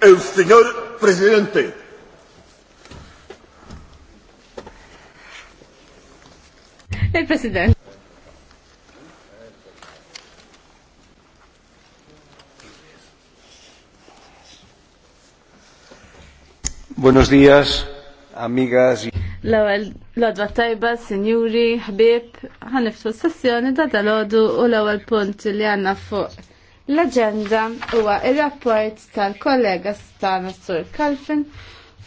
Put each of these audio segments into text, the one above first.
El señor presidente. El presidente. Buenos días, amigas. L-ewwel l-odwa tajba, sinjuri, ħbib, ħaniftu s-sessjoni ta' dal-għodu u l-ewwel punt li għandna fuq L-agenda huwa il-rapport tal-kollega Stana Sur Kalfin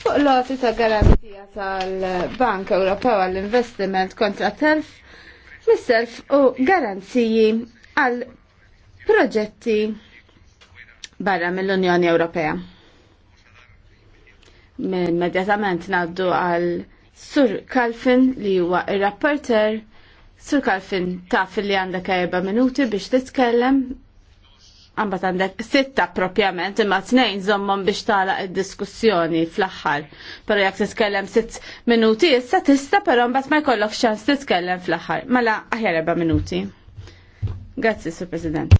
fuq loti ta' garanzija tal-Bank Ewropew għall-Investiment kontra telf, mis-self u garanziji għal proġetti barra mill-Unjoni Ewropea. Immedjatament naddu għal Sur Kalfin li huwa ir-rapporter. Sur Kalfin fil li għandek erba' minuti biex titkellem għambat għandek sitta propjament imma t-nejn zommon biex tala id-diskussjoni fl-axħar. Pero jak t-tkellem sitt minuti, issa tista pero mbat ma jkollok xans t-tkellem fl-axħar. Mela aħjar erba minuti. Grazzi, Sir President.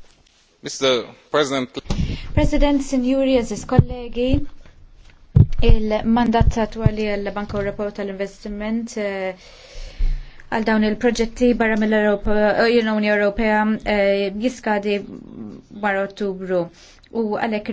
Mr. President. President, Signori, Aziz kollegi, il-mandat attuali għal-Banka Europa tal-Investiment eh, għal dawn il-proġetti barra mill-Europa, eh, Unjoni Europea, eh, jiskadi wara Ottubru u għalhekk